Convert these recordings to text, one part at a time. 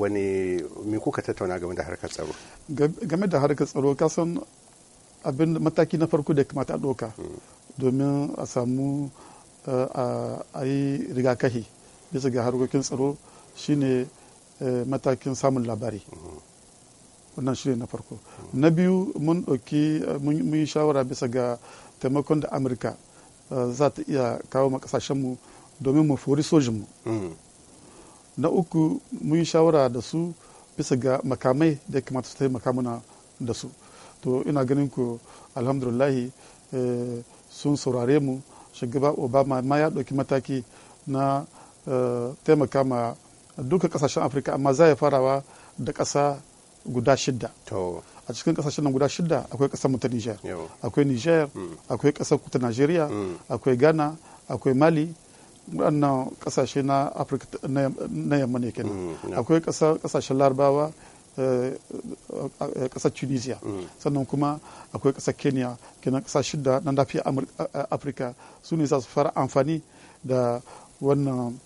wani kuka tattauna game da harkar tsaro game da harkar tsaro kasan abin mataki na farko da kamata a ɗauka hmm. domin a samu eh, a yi rigakahi bisa ga harkokin tsaro shine eh, matakin samun labari hmm. wannan shine na farko hmm. na biyu mun ɗauki eh, mun yi shawara bisa ga taimakon da amurka za ta iya kawo ma mu domin mu fori sojinmu na uku mun yi shawara da su bisa ga makamai da ya kamata su taimaka makamuna da su to ina ganin ku alhamdulillahi eh, sun saurare mu shugaba obama ma ya ɗauki mataki na eh, taimaka ma duka kasashen afirka amma za ya farawa da ƙasa guda shidda a cikin kasashen nan guda shida akwai kasar ta niger akwai niger mm. akwai kasar kuta nigeria mm. akwai ghana akwai mali wannan kasashe na afirka na yamma ne kenan mm, akwai kasashen larabawa eh, eh, eh, kasar tunisia mm. sannan kuma akwai kasar kenya kenan kasashe da nan lafiya afirka su ne za su fara amfani da wannan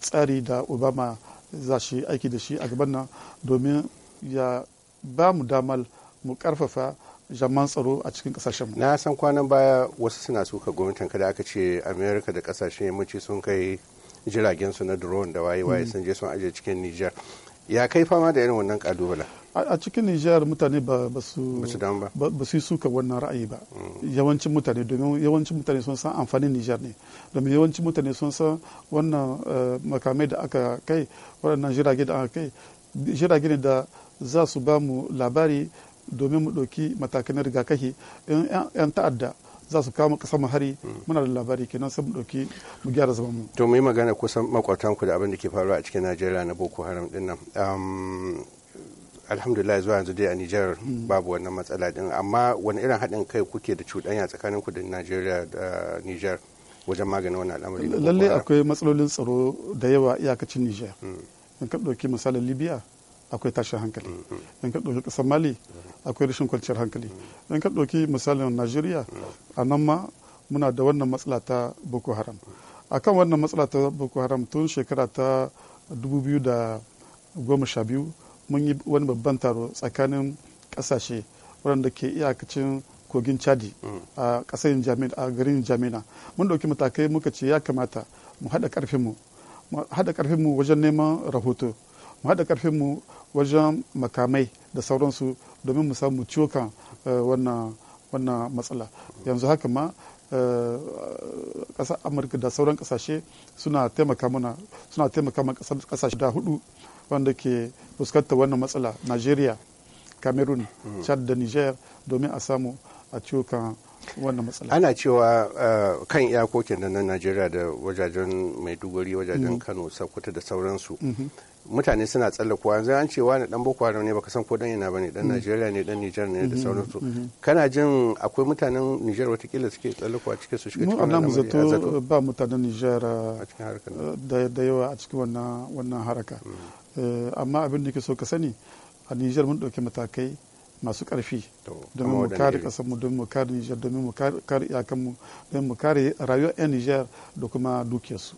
tsari da obama za shi aiki da shi a gaban nan domin ya ba mu damar mu karfafa jaman tsaro a cikin kasashen mu na san kwanan baya wasu suna suka gwamnatin kada aka ce america da kasashen yammaci sun kai jiragen su na drone da waye waye hmm. sun je sun aje cikin niger ya kai fama da irin wannan kalubala a cikin Niger mutane ba su yi suka wannan ra'ayi ba hmm. yawancin mutane domin yawancin mutane sun san amfanin niger ne domin yawancin mutane sun san wannan eh, makamai da aka kai waɗannan jirage da aka kai jirage ne da za su ba mu labari domin mu ɗauki matakan rigakafi in 'yan ta'adda za su kama kasar mu hari muna da labari kenan sai mu dauki mu gyara zaman mu to mu magana kusan makwatan ku da abin da ke faruwa a cikin Najeriya na Boko Haram din nan alhamdulillah zuwa yanzu dai a Nijar babu wannan matsala din amma wani irin haɗin kai kuke da cuɗanya tsakanin ku da Najeriya da niger wajen maganin wannan al'amari lallai akwai matsalolin tsaro da yawa iyakacin niger. Hmm. in ka ɗauki misalin Libya akwai tashin hankali mm, mm. in ka ɗauki ƙasar mali akwai rashin kwanciyar hankali in ka ɗauki misalin najeriya a nan ma muna da wannan matsala ta boko haram akan wannan matsala ta boko haram tun shekara ta 2012 mun yi wani babban taro tsakanin ƙasashe waɗanda ke iyakacin kogin chadi mm. a ƙasar a garin jamina mun ɗauki matakai muka ce ya kamata mu haɗa ƙarfinmu mu haɗa ƙarfinmu wajen neman rahoto mu haɗa mu wajen makamai da sauransu domin mu samu ciwo kan eh, wannan matsala yanzu haka ma eh, ƙasar amurka da sauran ƙasashe suna taimaka mana suna ƙasashe da hudu wanda ke fuskantar wannan matsala nigeria cameroon mm. chad da niger domin a samu a ciwo wannan matsala ana cewa uh, kan iyakokin na najeriya da wajajen maiduguri wajajen mm-hmm. kano sokoto da sauransu mm-hmm. mutane suna tsallakuwa yanzu an ce wani dan boko haram ne baka san ko dan yana bane dan mm-hmm. Najeriya ne dan nijar ne da sauransu kana jin akwai mutanen nijar watakila suke tsallakuwa cikin su shiga cikin wannan mu zato ba mutanen nijar uh, uh, da yawa a cikin wannan wannan haraka mm. amma abin da ke so ka sani a nijar mun dauki matakai masu ƙarfi domin mu kare ƙasarmu domin mu kare Nijar domin mu kare iyakanmu domin mu kare rayuwar 'yan Nijar da kuma dukiyarsu.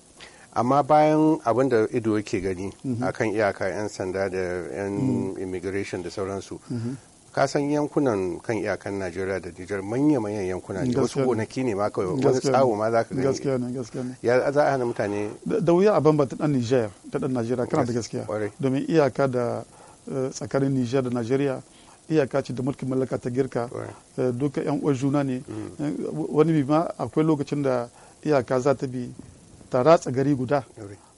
amma bayan abin da ido yake gani mhm. a kan iyaka 'yan sanda da 'yan mhm. immigration da sauransu mhm. ka san yankunan kan iyakan najeriya da nijar manya manyan yankuna ne wasu gonaki ne ma kawai wani tsawo ma za ka gani gaskiya ne gaskiya ne ya za a hana mutane da wuya a bambanta dan nijar da dan najeriya kana da gaskiya domin iyaka da eh, tsakanin nijar da najeriya iyaka ce da mulkin mallaka ta girka eh, duka yan juna ne mm. eh, wani bi ma akwai lokacin da iyaka za ta bi ta ratsa gari guda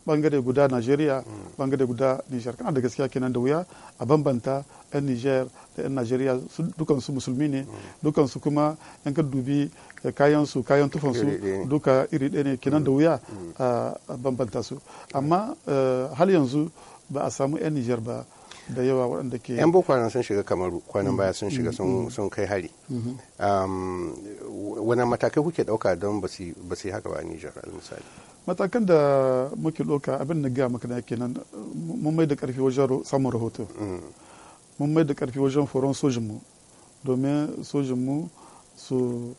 bangare guda Nigeria mm. bangare guda Nijar kana da gaskiya kenan da wuya a bambanta yan Nijar da yan Nigeria dukan su musulmi ne mm. dukan su kuma yan ka dubi eh, kayan su kayan tufan su duka iri ɗaya ne kenan da wuya a bambanta su amma hal yanzu ba a samu yan Nijar ba da yawa waɗanda ke yan boko haram sun shiga kamaru kwanan mm. baya sun shiga sun mm. kai hari mm-hmm. um, wani matakai kuke ɗauka don ba su yi haka ba nijar misali matakan da muke ɗauka abin da gaya makana yake nan mun mai da ƙarfi wajen samun rahoto mm. mun mai da ƙarfi wajen foron sojinmu domin sojinmu su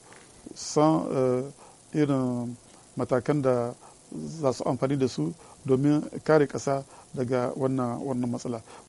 san eh, irin matakan da za su amfani da su domin kare ƙasa daga wannan matsala